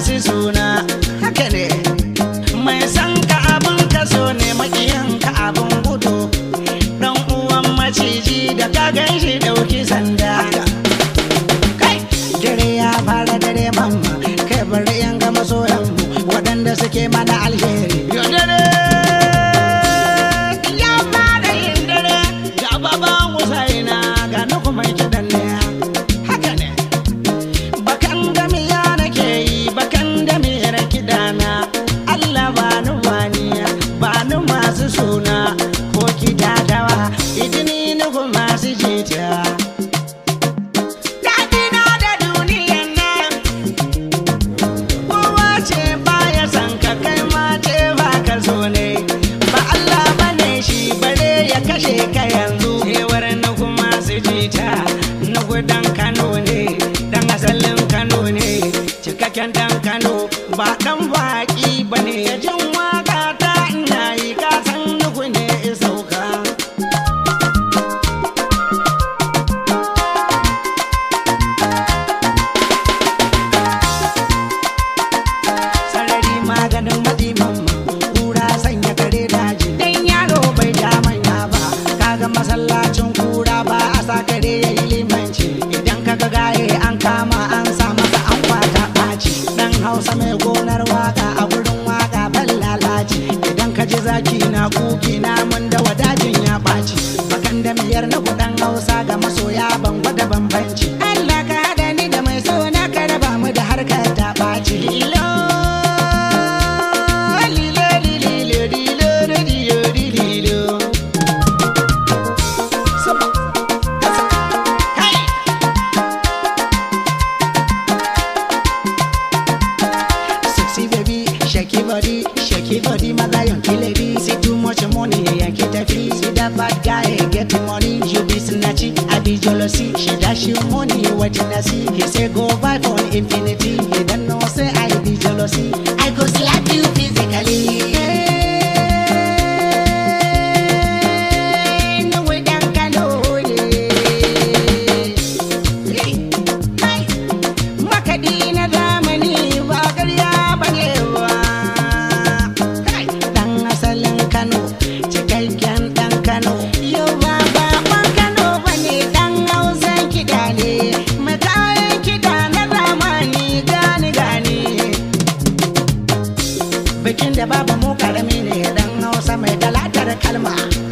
masu suna haka ne mai san ka abin kaso ne makiyan ka abin gudu dan uwan maciji da ka gan shi da cikakken dan Kano ba dan baki na kuki na mun da shake your body, shake your body, my yankee lady. See too much money, I get a taffy. See that bad guy, get the money, you be snatchy. I be jealousy, she dash your money, you waiting I see. He say go buy for infinity, he don't know say I be jealousy. bikin da babu mu karami ne dan hausa mai dalatar kalma